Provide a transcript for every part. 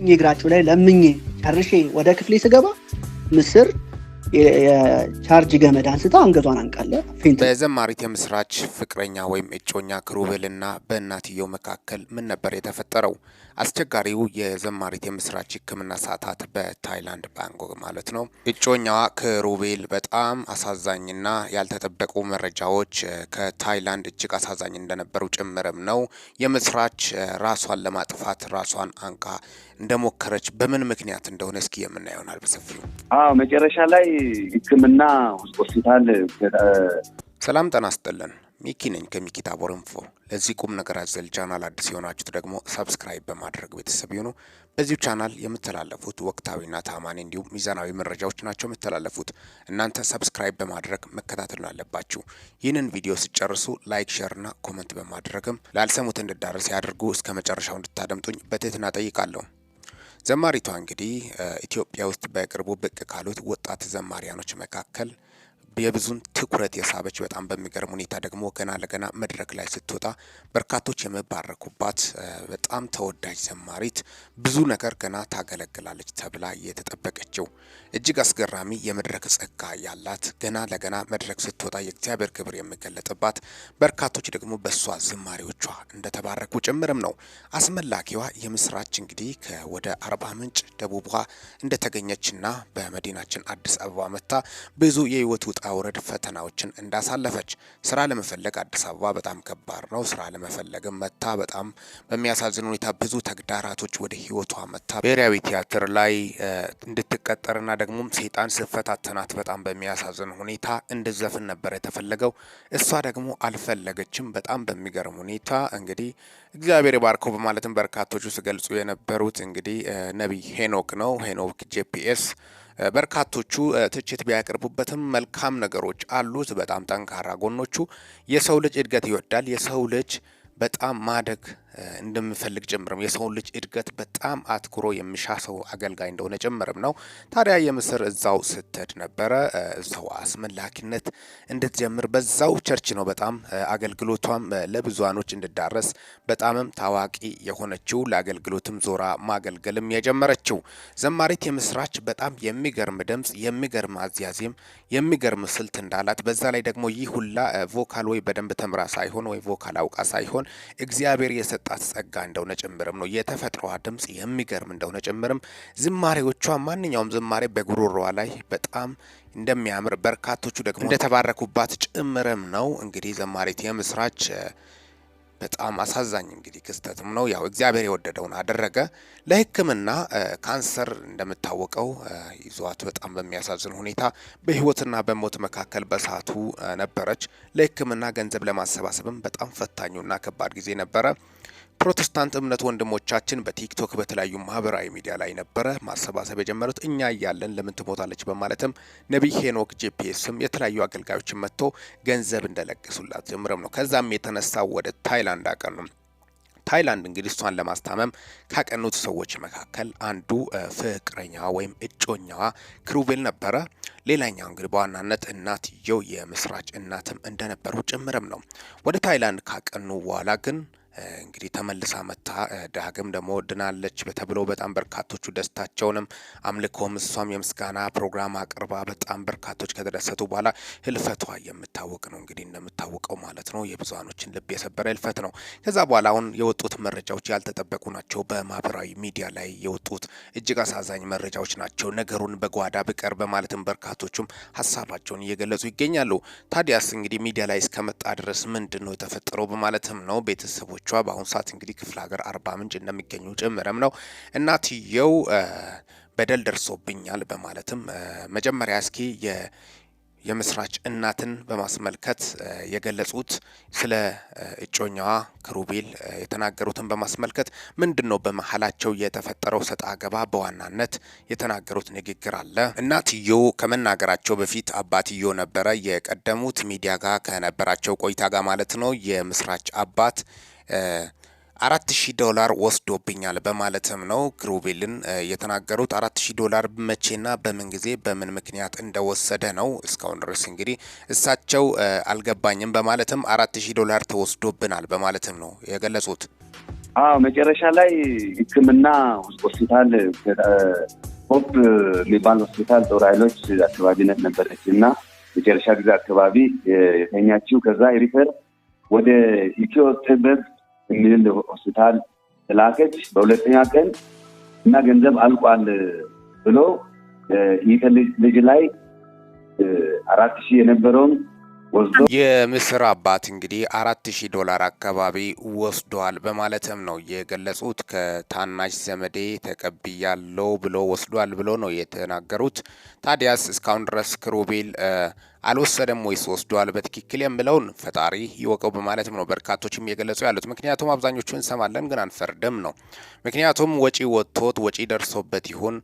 ለምኜ እግራቸው ላይ ለምኜ ጨርሼ ወደ ክፍሌ ስገባ ምስር የቻርጅ ገመድ አንስታ አንገቷን አንቃለ። በዘማሪት የምስራች ፍቅረኛ ወይም እጮኛ ና በእናትየው መካከል ምን ነበር የተፈጠረው? አስቸጋሪው የዘማሪት የምስራች ሕክምና ሰዓታት በታይላንድ ባንኮክ ማለት ነው። እጮኛዋ ከሩቤል በጣም አሳዛኝና ያልተጠበቁ መረጃዎች ከታይላንድ እጅግ አሳዛኝ እንደነበሩ ጭምርም ነው። የምስራች ራሷን ለማጥፋት ራሷን አንቃ እንደሞከረች በምን ምክንያት እንደሆነ እስኪ የምናየው ይሆናል በሰፊው። አዎ መጨረሻ ላይ ሕክምና ሆስፒታል። ሰላም ጠና አስጠለን ሚኪ ነኝ ታቦር ኢንፎ። ለዚህ ቁም ነገር አዘል ቻናል አዲስ የሆናችሁት ደግሞ ሰብስክራይብ በማድረግ ቤተሰብ ይሁኑ። በዚሁ ቻናል የምተላለፉት ወቅታዊና ታማኒ እንዲሁም ሚዛናዊ መረጃዎች ናቸው የምተላለፉት። እናንተ ሰብስክራይብ በማድረግ መከታተል አለባችሁ። ይህንን ቪዲዮ ስጨርሱ ላይክ፣ ሼርና ኮመንት በማድረግም ላልሰሙት እንድዳረስ ያድርጉ። እስከ መጨረሻው እንድታደምጡኝ በትህትና ጠይቃለሁ። ዘማሪቷ እንግዲህ ኢትዮጵያ ውስጥ በቅርቡ ብቅ ካሉት ወጣት ዘማሪያኖች መካከል የብዙን ትኩረት የሳበች በጣም በሚገርም ሁኔታ ደግሞ ገና ለገና መድረክ ላይ ስትወጣ በርካቶች የሚባረኩባት በጣም ተወዳጅ ዘማሪት ብዙ ነገር ገና ታገለግላለች ተብላ የተጠበቀችው እጅግ አስገራሚ የመድረክ ጸጋ ያላት ገና ለገና መድረክ ስትወጣ የእግዚአብሔር ክብር የሚገለጥባት በርካቶች ደግሞ በእሷ ዝማሬዎቿ እንደተባረኩ ጭምርም ነው። አስመላኪዋ የምስራች እንግዲህ ከወደ አርባ ምንጭ ደቡቧ እንደተገኘችና በመዲናችን አዲስ አበባ መታ ብዙ የህይወት ውጣ ውጣ ውረድ ፈተናዎችን እንዳሳለፈች ስራ ለመፈለግ አዲስ አበባ በጣም ከባድ ነው። ስራ ለመፈለግም መታ በጣም በሚያሳዝን ሁኔታ ብዙ ተግዳራቶች ወደ ህይወቷ መታ ብሔራዊ ቲያትር ላይ እንድትቀጠርና ደግሞም ሴጣን ስፈታተናት በጣም በሚያሳዝን ሁኔታ እንድዘፍን ነበር የተፈለገው። እሷ ደግሞ አልፈለገችም። በጣም በሚገርም ሁኔታ እንግዲህ እግዚአብሔር ባርከው በማለትም በርካቶቹ ሲገልጹ የነበሩት እንግዲህ ነቢይ ሄኖክ ነው ሄኖክ ጄፒኤስ በርካቶቹ ትችት ቢያቀርቡበትም መልካም ነገሮች አሉት። በጣም ጠንካራ ጎኖቹ የሰው ልጅ እድገት ይወዳል። የሰው ልጅ በጣም ማደግ እንደምፈልግ ጭምርም የሰውን ልጅ እድገት በጣም አትኩሮ የሚሻ ሰው አገልጋይ እንደሆነ ጭምርም ነው። ታዲያ የምስር እዛው ስትሄድ ነበረ እዛው አስመላኪነት እንድትጀምር በዛው ቸርች ነው በጣም አገልግሎቷም ለብዙሃኖች እንድዳረስ በጣምም ታዋቂ የሆነችው ለአገልግሎትም ዞራ ማገልገልም የጀመረችው ዘማሪት የምስራች በጣም የሚገርም ድምፅ፣ የሚገርም አዝያዜም፣ የሚገርም ስልት እንዳላት በዛ ላይ ደግሞ ይህ ሁላ ቮካል ወይ በደንብ ተምራ ሳይሆን ወይ ቮካል አውቃ ሳይሆን እግዚአብሔር የሰ የተሰጣት ጸጋ እንደሆነ ጭምርም ነው። የተፈጥሮዋ ድምጽ የሚገርም እንደሆነ ጭምርም ዝማሬዎቿ፣ ማንኛውም ዝማሬ በጉሮሮዋ ላይ በጣም እንደሚያምር በርካቶቹ ደግሞ እንደተባረኩባት ጭምርም ነው። እንግዲህ ዘማሪት የምስራች በጣም አሳዛኝ እንግዲህ ክስተትም ነው። ያው እግዚአብሔር የወደደውን አደረገ። ለሕክምና ካንሰር እንደምታወቀው ይዟት በጣም በሚያሳዝን ሁኔታ በህይወትና በሞት መካከል በሰዓቱ ነበረች። ለሕክምና ገንዘብ ለማሰባሰብም በጣም ፈታኙና ከባድ ጊዜ ነበረ። ፕሮቴስታንት እምነት ወንድሞቻችን በቲክቶክ በተለያዩ ማህበራዊ ሚዲያ ላይ ነበረ ማሰባሰብ የጀመሩት እኛ እያለን ለምን ትሞታለች በማለትም ነቢይ ሄኖክ ጄፒኤስም የተለያዩ አገልጋዮችን መጥቶ ገንዘብ እንደለገሱላት ጀምረም ነው። ከዛም የተነሳ ወደ ታይላንድ አቀኑ። ታይላንድ እንግዲህ እሷን ለማስታመም ካቀኑት ሰዎች መካከል አንዱ ፍቅረኛዋ ወይም እጮኛዋ ክሩቤል ነበረ። ሌላኛው እንግዲህ በዋናነት እናትየው የምስራች እናትም እንደነበሩ ጭምርም ነው። ወደ ታይላንድ ካቀኑ በኋላ ግን እንግዲህ ተመልሳ መታ ዳግም ደግሞ ድናለች ተብሎ በጣም በርካቶቹ ደስታቸውንም አምልኮም እሷም የምስጋና ፕሮግራም አቅርባ በጣም በርካቶች ከተደሰቱ በኋላ ህልፈቷ የምታወቅ ነው። እንግዲህ እንደምታወቀው ማለት ነው የብዙሃኖችን ልብ የሰበረ ህልፈት ነው። ከዛ በኋላ አሁን የወጡት መረጃዎች ያልተጠበቁ ናቸው። በማህበራዊ ሚዲያ ላይ የወጡት እጅግ አሳዛኝ መረጃዎች ናቸው። ነገሩን በጓዳ ብቀር በማለትም በርካቶቹም ሀሳባቸውን እየገለጹ ይገኛሉ። ታዲያስ እንግዲህ ሚዲያ ላይ እስከመጣ ድረስ ምንድን ነው የተፈጠረው በማለትም ነው ቤተሰቦች ልጆቿ በአሁኑ ሰዓት እንግዲህ ክፍለ ሀገር አርባ ምንጭ እንደሚገኙ ጭምርም ነው። እናትየው በደል ደርሶብኛል በማለትም መጀመሪያ እስኪ የምስራች እናትን በማስመልከት የገለጹት ስለ እጮኛዋ ክሩቤል የተናገሩትን በማስመልከት ምንድን ነው በመሀላቸው የተፈጠረው ሰጣ ገባ በዋናነት የተናገሩት ንግግር አለ። እናትዮ ከመናገራቸው በፊት አባትዮ ነበረ የቀደሙት ሚዲያ ጋር ከነበራቸው ቆይታ ጋር ማለት ነው የምስራች አባት አራት ሺህ ዶላር ወስዶብኛል በማለትም ነው ክሩቤልን የተናገሩት። አራት ሺህ ዶላር መቼና በምን ጊዜ በምን ምክንያት እንደወሰደ ነው እስካሁን ድረስ እንግዲህ እሳቸው አልገባኝም በማለትም አራት ሺህ ዶላር ተወስዶብናል በማለትም ነው የገለጹት። አዎ መጨረሻ ላይ ሕክምና ሆስፒታል ሆፕ የሚባል ሆስፒታል ጦር ኃይሎች አካባቢነት ነበረች እና መጨረሻ ጊዜ አካባቢ የተኛችው ከዛ ሪፈር ወደ ኢትዮ ጥበብ ሚል ሆስፒታል ተላከች። በሁለተኛ ቀን እና ገንዘብ አልቋል ብሎ ይህ ልጅ ላይ አራት ሺህ የነበረውን የምስር አባት እንግዲህ አራት ሺህ ዶላር አካባቢ ወስዷል በማለትም ነው የገለጹት። ከታናሽ ዘመዴ ተቀብያለው ብሎ ወስዷል ብሎ ነው የተናገሩት። ታዲያስ እስካሁን ድረስ ክሩቤል አልወሰደም ወይስ ወስዷል በትክክል የምለውን ፈጣሪ ይወቀው በማለትም ነው በርካቶችም የገለጹ ያሉት። ምክንያቱም አብዛኞቹ እንሰማለን ግን አንፈርድም ነው። ምክንያቱም ወጪ ወጥቶት ወጪ ደርሶበት ይሁን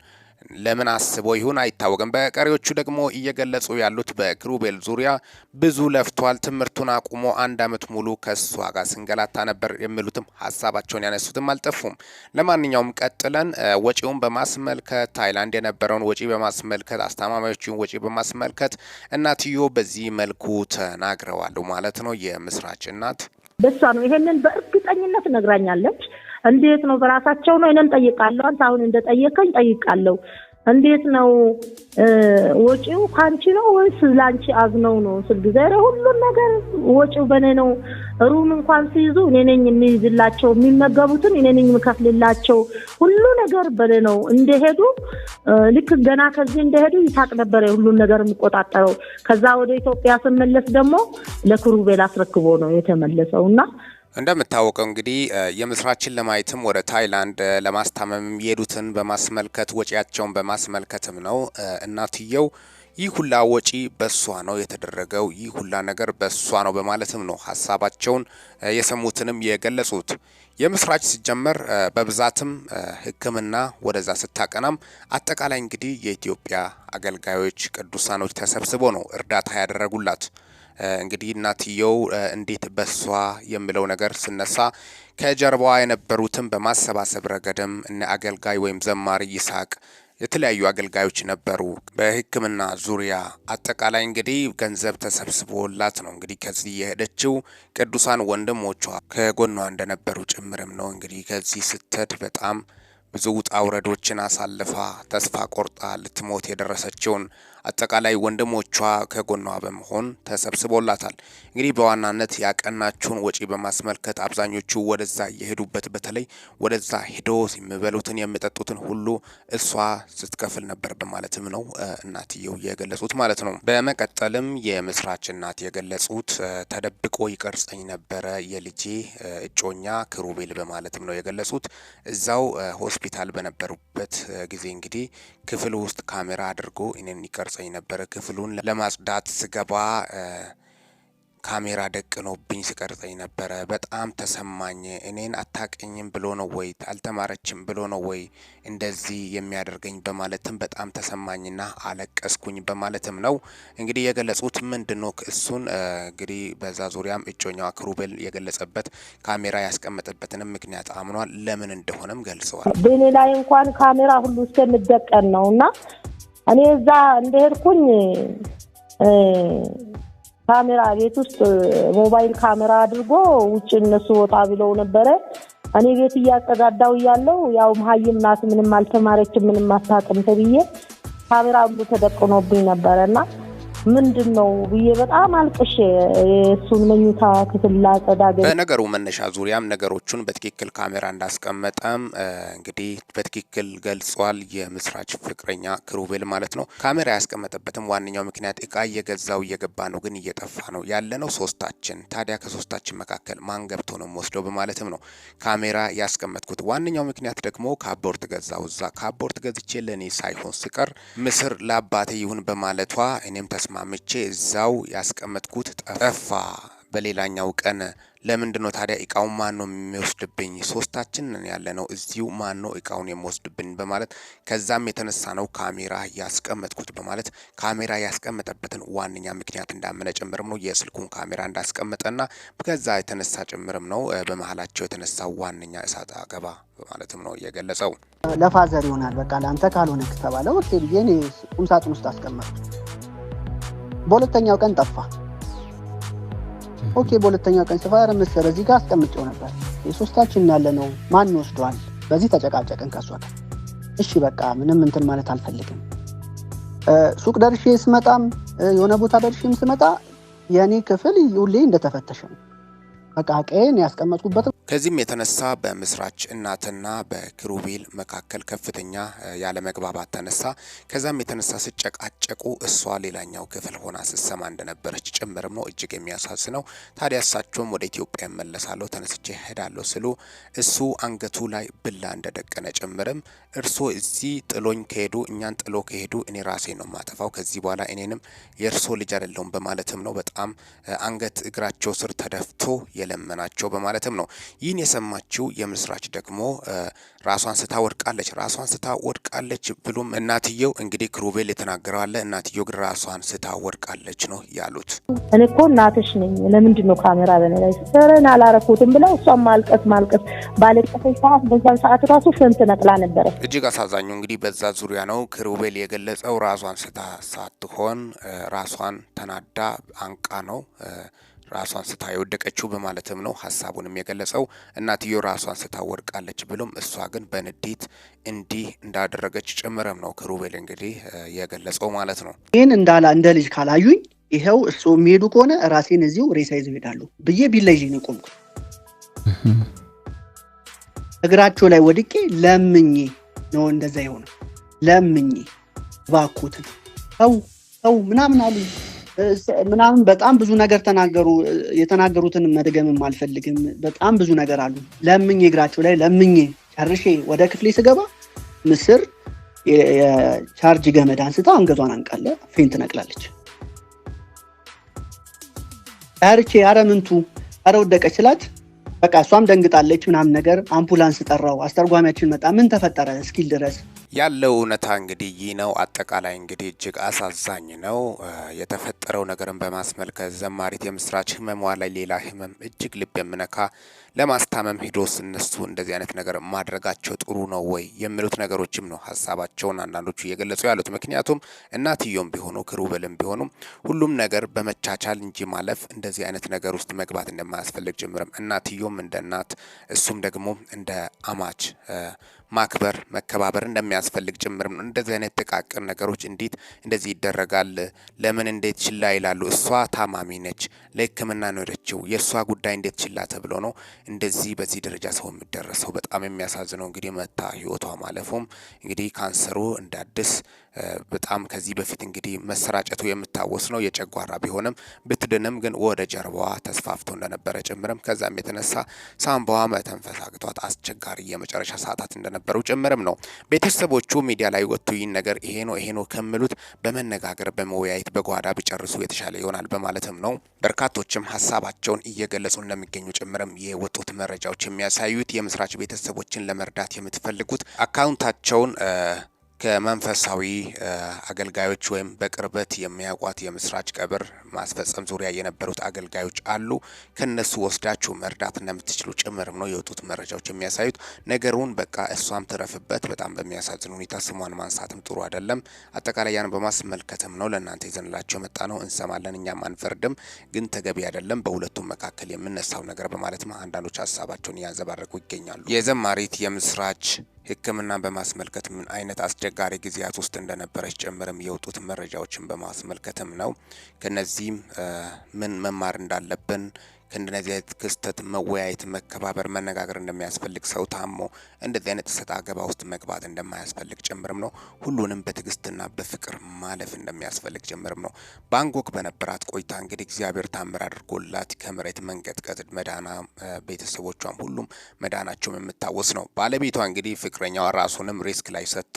ለምን አስቦ ይሁን አይታወቅም። በቀሪዎቹ ደግሞ እየገለጹ ያሉት በክሩቤል ዙሪያ ብዙ ለፍቷል፣ ትምህርቱን አቁሞ አንድ አመት ሙሉ ከእሷ ጋር ስንገላታ ነበር የሚሉትም ሀሳባቸውን ያነሱትም አልጠፉም። ለማንኛውም ቀጥለን ወጪውን በማስመልከት ታይላንድ የነበረውን ወጪ በማስመልከት አስተማማዮችን ወጪ በማስመልከት እናትዮ በዚህ መልኩ ተናግረዋሉ ማለት ነው። የምስራች እናት በሷ ነው ይሄንን በእርግጠኝነት ነግራኛለች። እንዴት ነው? በራሳቸው ነው። እኔም ጠይቃለሁ። አንተ አሁን እንደጠየቀኝ ጠይቃለሁ። እንዴት ነው ወጪው ካንቺ ነው ወይስ ላንቺ አዝነው ነው? ስል ጊዜ ሁሉም ነገር ወጪው በእኔ ነው። ሩም እንኳን ሲይዙ እኔ ነኝ የሚይዝላቸው፣ የሚመገቡትን እኔ ነኝ የምከፍልላቸው። ሁሉ ነገር በእኔ ነው። እንደሄዱ ልክ ገና ከዚህ እንደሄዱ ይሳቅ ነበረ ሁሉን ነገር የሚቆጣጠረው። ከዛ ወደ ኢትዮጵያ ስመለስ ደግሞ ለክሩቤል አስረክቦ ነው የተመለሰው እና እንደምታወቀው እንግዲህ የምስራችን ለማየትም ወደ ታይላንድ ለማስታመም የሄዱትን በማስመልከት ወጪያቸውን በማስመልከትም ነው። እናትየው ይህ ሁላ ወጪ በሷ ነው የተደረገው፣ ይህ ሁላ ነገር በሷ ነው በማለትም ነው ሀሳባቸውን የሰሙትንም የገለጹት። የምስራች ሲጀመር በብዛትም ሕክምና ወደዛ ስታቀናም አጠቃላይ እንግዲህ የኢትዮጵያ አገልጋዮች ቅዱሳኖች ተሰብስበው ነው እርዳታ ያደረጉላት። እንግዲህ እናትየው እንዴት በሷ የሚለው ነገር ስነሳ ከጀርባዋ የነበሩትን በማሰባሰብ ረገድም እነ አገልጋይ ወይም ዘማሪ ይስሐቅ የተለያዩ አገልጋዮች ነበሩ። በሕክምና ዙሪያ አጠቃላይ እንግዲህ ገንዘብ ተሰብስቦላት ነው እንግዲህ ከዚህ የሄደችው ቅዱሳን ወንድሞቿ ከጎኗ እንደነበሩ ጭምርም ነው። እንግዲህ ከዚህ ስትሄድ በጣም ብዙ ውጣ ውረዶችን አሳልፋ ተስፋ ቆርጣ ልትሞት የደረሰችውን አጠቃላይ ወንድሞቿ ከጎኗ በመሆን ተሰብስቦላታል። እንግዲህ በዋናነት ያቀናችውን ወጪ በማስመልከት አብዛኞቹ ወደዛ የሄዱበት በተለይ ወደዛ ሄዶ የሚበሉትን የሚጠጡትን ሁሉ እሷ ስትከፍል ነበር በማለትም ነው እናትየው የገለጹት ማለት ነው። በመቀጠልም የምስራች እናት የገለጹት ተደብቆ ይቀርጸኝ ነበረ የልጄ እጮኛ ክሩቤል በማለትም ነው የገለጹት። እዛው ሆስፒታል በነበሩበት ጊዜ እንግዲህ ክፍል ውስጥ ካሜራ አድርጎ እኔን ይቀርጽ እየቀረጸኝ ነበረ። ክፍሉን ለማጽዳት ስገባ ካሜራ ደቅኖብኝ ስቀርጸኝ ነበረ። በጣም ተሰማኝ። እኔን አታቀኝም ብሎ ነው ወይ አልተማረችም ብሎ ነው ወይ እንደዚህ የሚያደርገኝ በማለትም በጣም ተሰማኝና አለቀስኩኝ በማለትም ነው እንግዲህ የገለጹት። ምንድን እሱን እንግዲህ በዛ ዙሪያም እጮኛዋ ክሩቤል የገለጸበት ካሜራ ያስቀመጠበትንም ምክንያት አምኗል። ለምን እንደሆነም ገልጸዋል። በእኔ ላይ እንኳን ካሜራ ሁሉ እስከምደቀን ነው እና እኔ እዛ እንደሄድኩኝ ካሜራ ቤት ውስጥ ሞባይል ካሜራ አድርጎ ውጭ እነሱ ወጣ ብለው ነበረ። እኔ ቤት እያጸዳዳው እያለው ያው መሀይም ናት ምንም አልተማረችም ምንም አታውቅም ተብዬ ካሜራ ሁሉ ተደቅኖብኝ ነበረ እና ምንድን ነው ብዬ በጣም አልቅሼ የእሱን መኝታ ክፍል ላጸዳ በነገሩ መነሻ ዙሪያም ነገሮቹን በትክክል ካሜራ እንዳስቀመጠም እንግዲህ በትክክል ገልጿል። የምስራች ፍቅረኛ ክሩቤል ማለት ነው። ካሜራ ያስቀመጠበትም ዋነኛው ምክንያት እቃ እየገዛው እየገባ ነው፣ ግን እየጠፋ ነው ያለ ነው ሶስታችን። ታዲያ ከሶስታችን መካከል ማን ገብቶ ነው ወስደው በማለትም ነው ካሜራ ያስቀመጥኩት። ዋነኛው ምክንያት ደግሞ ካፖርት ገዛው እዛ ገዝቼ ለእኔ ሳይሆን ስቀር ምስር ለአባቴ ይሁን በማለቷ እኔም ተስማ አስቀማምቼ እዛው ያስቀመጥኩት ጠፋ። በሌላኛው ቀን ለምንድን ነው ታዲያ እቃውን ማን ነው የሚወስድብኝ? ሶስታችን ያለ ነው እዚሁ ማን ነው እቃውን የሚወስድብኝ በማለት ከዛም የተነሳ ነው ካሜራ ያስቀመጥኩት በማለት ካሜራ ያስቀመጠበትን ዋነኛ ምክንያት እንዳመነ ጭምርም ነው የስልኩን ካሜራ እንዳስቀመጠና ከዛ የተነሳ ጭምርም ነው በመሀላቸው የተነሳ ዋነኛ እሳት አገባ በማለትም ነው የገለጸው። ለፋዘር ይሆናል በቃ ለአንተ ካልሆነ ከተባለ ብዬ ቁምሳጥን ውስጥ አስቀመጥኩ። በሁለተኛው ቀን ጠፋ። ኦኬ በሁለተኛው ቀን ስፋር መሰለ እዚህ ጋር አስቀምጬው ነበር የሶስታችን ያለ ነው ማን ወስዷል? በዚህ ተጨቃጨቅን ከሷ ጋር። እሺ በቃ ምንም እንትን ማለት አልፈልግም። ሱቅ ደርሼ ስመጣም የሆነ ቦታ ደርሼም ስመጣ የእኔ ክፍል ሁሌ እንደተፈተሸ ነው። በቃ ቀን ያስቀመጥኩበት ከዚህም የተነሳ በምስራች እናትና በክሩቤል መካከል ከፍተኛ ያለመግባባት ተነሳ። ከዛም የተነሳ ስጨቃጨቁ እሷ ሌላኛው ክፍል ሆና ስሰማ እንደነበረች ጭምርም ነው። እጅግ የሚያሳዝነው ታዲያ እሳቸውም ወደ ኢትዮጵያ እመለሳለሁ ተነስቼ ሄዳለሁ ስሉ እሱ አንገቱ ላይ ብላ እንደደቀነ ጭምርም እርሶ እዚህ ጥሎኝ ከሄዱ እኛን ጥሎ ከሄዱ እኔ ራሴ ነው ማጠፋው፣ ከዚህ በኋላ እኔንም የእርሶ ልጅ አይደለሁም በማለትም ነው በጣም አንገት እግራቸው ስር ተደፍቶ የለመናቸው በማለትም ነው ይህን የሰማችው የምስራች ደግሞ ራሷን ስታ ወድቃለች። ራሷን ስታ ወድቃለች ብሎም እናትየው እንግዲህ ክሩቤል የተናገረው አለ። እናትየው ግን ራሷን ስታ ወድቃለች ነው ያሉት። እኔ እኮ እናትሽ ነኝ፣ ለምንድን ነው ካሜራ በኔ ላይ ስርን አላረኩትም ብለው እሷን ማልቀስ ማልቀስ ባለቀሰች ሰዓት በዛን ሰዓት ራሱ ሽንት ነቅላ ነበረ። እጅግ አሳዛኙ እንግዲህ በዛ ዙሪያ ነው ክሩቤል የገለጸው። ራሷን ስታ ሳትሆን ራሷን ተናዳ አንቃ ነው ራሷን ስታ የወደቀችው በማለትም ነው ሀሳቡንም የገለጸው። እናትዮ ራሷን ስታ ወድቃለች ብሎም እሷ ግን በንዴት እንዲህ እንዳደረገች ጭምርም ነው ክሩቤል እንግዲህ የገለጸው ማለት ነው። ይህን እንዳላ እንደ ልጅ ካላዩኝ ይኸው እሱ የሚሄዱ ከሆነ ራሴን እዚሁ ሬሳ ይዘው ይሄዳሉ ብዬ ቢላ ነው እግራቸው ላይ ወድቄ ለምኝ ነው እንደዛ የሆነ ለምኝ፣ ባኩትን ሰው ሰው ምናምን አሉ ምናምን በጣም ብዙ ነገር ተናገሩ። የተናገሩትን መድገምም አልፈልግም። በጣም ብዙ ነገር አሉ። ለምኝ እግራቸው ላይ ለምኝ ጨርሼ ወደ ክፍሌ ስገባ ምስር የቻርጅ ገመድ አንስታ አንገቷን አንቃለ ፌን ትነቅላለች። ጨርቼ አረ አረ ወደቀች ስላት በቃ እሷም ደንግጣለች ምናምን ነገር አምፑላንስ ጠራው። አስተርጓሚያችን መጣ ምን ተፈጠረ እስኪል ድረስ ያለው እውነታ እንግዲህ ይህ ነው። አጠቃላይ እንግዲህ እጅግ አሳዛኝ ነው የተፈጠረው ነገርን በማስመልከት ዘማሪት የምስራች ህመሟ ላይ ሌላ ህመም እጅግ ልብ የምነካ ለማስታመም ሂዶስ እነሱ እንደዚህ አይነት ነገር ማድረጋቸው ጥሩ ነው ወይ የሚሉት ነገሮችም ነው ሀሳባቸውን አንዳንዶቹ እየገለጹ ያሉት። ምክንያቱም እናትዮም ቢሆኑ ክሩብልም ቢሆኑ ሁሉም ነገር በመቻቻል እንጂ ማለፍ እንደዚህ አይነት ነገር ውስጥ መግባት እንደማያስፈልግ ጭምርም እናትዮም እንደ እናት እሱም ደግሞ እንደ አማች ማክበር መከባበር እንደሚያስፈልግ ጭምርም ነው። እንደዚህ አይነት ጥቃቅን ነገሮች እንዴት እንደዚህ ይደረጋል? ለምን እንዴት ችላ ይላሉ? እሷ ታማሚ ነች፣ ለሕክምና ነው የሄደችው። የእሷ ጉዳይ እንዴት ችላ ተብሎ ነው እንደዚህ በዚህ ደረጃ ሰው የሚደረሰው በጣም የሚያሳዝነው እንግዲህ መታ ህይወቷ ማለፉም እንግዲህ ካንሰሩ እንደ አዲስ በጣም ከዚህ በፊት እንግዲህ መሰራጨቱ የምታወስ ነው። የጨጓራ ቢሆንም ብትድንም ግን ወደ ጀርባዋ ተስፋፍቶ እንደነበረ ጭምርም ከዛም የተነሳ ሳምባዋ መተንፈስ አቅቷት አስቸጋሪ የመጨረሻ ሰዓታት እንደነበሩ ጭምርም ነው። ቤተሰቦቹ ሚዲያ ላይ ወጥቶ ይህን ነገር ይሄ ነው ይሄ ነው ከምሉት በመነጋገር በመወያየት በጓዳ ቢጨርሱ የተሻለ ይሆናል በማለትም ነው በርካቶችም ሀሳባቸውን እየገለጹ እንደሚገኙ ጭምርም የወጡ የወጡት መረጃዎች የሚያሳዩት የምስራች ቤተሰቦችን ለመርዳት የምትፈልጉት አካውንታቸውን ከመንፈሳዊ አገልጋዮች ወይም በቅርበት የሚያውቋት የምስራች ቀብር ማስፈጸም ዙሪያ የነበሩት አገልጋዮች አሉ። ከነሱ ወስዳችሁ መርዳት እንደምትችሉ ጭምርም ነው የወጡት መረጃዎች የሚያሳዩት። ነገሩን በቃ እሷም ትረፍበት። በጣም በሚያሳዝን ሁኔታ ስሟን ማንሳትም ጥሩ አይደለም። አጠቃላይ ያን በማስመልከትም ነው ለእናንተ ይዘንላቸው የመጣ ነው። እንሰማለን፣ እኛም አንፈርድም፣ ግን ተገቢ አይደለም በሁለቱም መካከል የምነሳው ነገር በማለት አንዳንዶች ሀሳባቸውን እያንጸባረቁ ይገኛሉ። የዘማሪት የምስራች ህክምናን በማስመልከት ምን አይነት አስቸጋሪ ጊዜያት ውስጥ እንደነበረች ጭምርም የወጡት መረጃዎችን በማስመልከትም ነው። ከነዚህም ምን መማር እንዳለብን ከእንደነዚህ አይነት ክስተት መወያየት፣ መከባበር፣ መነጋገር እንደሚያስፈልግ ሰው ታሞ እንደዚህ አይነት እሰጥ አገባ ውስጥ መግባት እንደማያስፈልግ ጭምርም ነው። ሁሉንም በትዕግስትና በፍቅር ማለፍ እንደሚያስፈልግ ጭምርም ነው። ባንኮክ በነበራት ቆይታ እንግዲህ እግዚአብሔር ታምር አድርጎላት ከመሬት መንቀጥቀጥ መዳና ቤተሰቦቿም ሁሉም መዳናቸውም የምታወስ ነው። ባለቤቷ እንግዲህ ፍቅረኛዋ ራሱንም ሪስክ ላይ ሰጥቶ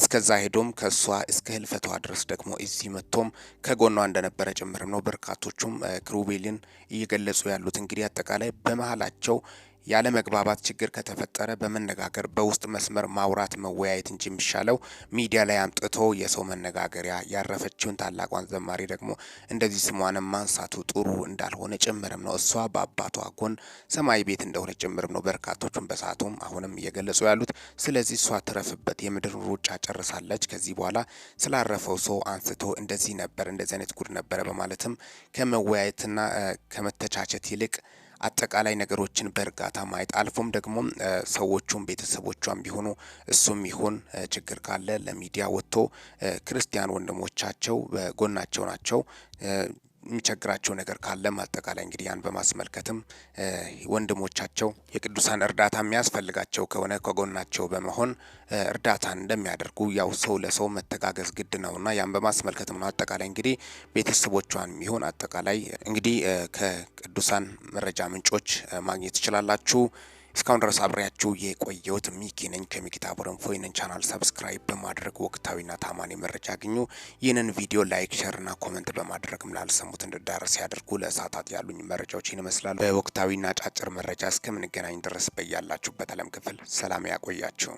እስከዛ ሄዶም ከእሷ እስከ ህልፈቷ ድረስ ደግሞ እዚህ መጥቶም ከጎኗ እንደነበረ ጭምርም ነው። በርካቶቹም ክሩቤልን እየገለጹ ያሉት እንግዲህ አጠቃላይ በመሀላቸው ያለመግባባት ችግር ከተፈጠረ በመነጋገር በውስጥ መስመር ማውራት መወያየት እንጂ የሚሻለው ሚዲያ ላይ አምጥቶ የሰው መነጋገሪያ ያረፈችውን ታላቋን ዘማሪ ደግሞ እንደዚህ ስሟንም ማንሳቱ ጥሩ እንዳልሆነ ጭምርም ነው። እሷ በአባቷ ጎን ሰማይ ቤት እንደሆነ ጭምርም ነው በርካቶቹን በሰዓቱም አሁንም እየገለጹ ያሉት። ስለዚህ እሷ ትረፍበት፣ የምድር ሩጫ ጨርሳለች። ከዚህ በኋላ ስላረፈው ሰው አንስቶ እንደዚህ ነበር፣ እንደዚህ አይነት ጉድ ነበረ በማለትም ከመወያየትና ከመተቻቸት ይልቅ አጠቃላይ ነገሮችን በእርጋታ ማየት አልፎም ደግሞ ሰዎቹም ቤተሰቦቿም ቢሆኑ እሱም ይሁን ችግር ካለ ለሚዲያ ወጥቶ ክርስቲያን ወንድሞቻቸው በጎናቸው ናቸው የሚቸግራቸው ነገር ካለም አጠቃላይ እንግዲህ ያን በማስመልከትም ወንድሞቻቸው የቅዱሳን እርዳታ የሚያስፈልጋቸው ከሆነ ከጎናቸው በመሆን እርዳታ እንደሚያደርጉ ያው ሰው ለሰው መተጋገዝ ግድ ነውና ያን በማስመልከትም ነው አጠቃላይ እንግዲህ ቤተሰቦቿን የሚሆን አጠቃላይ እንግዲህ ከቅዱሳን መረጃ ምንጮች ማግኘት ትችላላችሁ። እስካሁን ድረስ አብሬያችሁ የቆየሁት ሚኪ ነኝ። ከሚኪታ ቦረንፎ ይህንን ቻናል ሰብስክራይብ በማድረግ ወቅታዊና ታማኒ መረጃ ያገኙ። ይህንን ቪዲዮ ላይክ፣ ሸርና ኮመንት በማድረግም ላልሰሙት እንድዳረስ ያደርጉ። ለእሳታት ያሉኝ መረጃዎችን ይመስላሉ። በወቅታዊና አጫጭር መረጃ እስከምንገናኝ ድረስ በያላችሁበት አለም ክፍል ሰላም ያቆያችሁ።